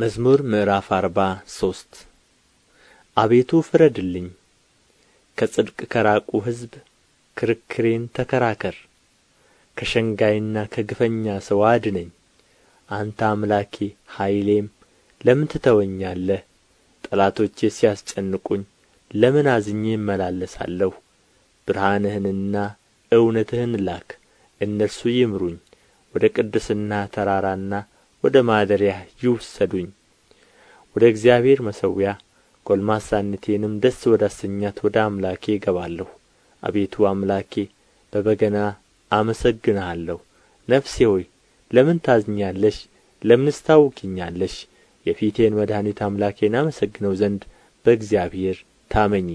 መዝሙር ምዕራፍ አርባ ሶስት አቤቱ ፍረድልኝ፣ ከጽድቅ ከራቁ ሕዝብ ክርክሬን ተከራከር። ከሸንጋይና ከግፈኛ ሰው አድነኝ። አንተ አምላኬ ኃይሌም፣ ለምን ትተወኛለህ? ጠላቶቼ ሲያስጨንቁኝ ለምን አዝኜ እመላለሳለሁ? ብርሃንህንና እውነትህን ላክ፣ እነርሱ ይምሩኝ። ወደ ቅድስና ተራራና ወደ ማደሪያ ይውሰዱኝ ወደ እግዚአብሔር መሠዊያ ጎልማሳነቴንም ደስ ወዳሰኛት ወደ አምላኬ እገባለሁ አቤቱ አምላኬ በበገና አመሰግንሃለሁ ነፍሴ ሆይ ለምን ታዝኛለሽ ለምንስ ታውኪኛለሽ የፊቴን መድኃኒት አምላኬን አመሰግነው ዘንድ በእግዚአብሔር ታመኚ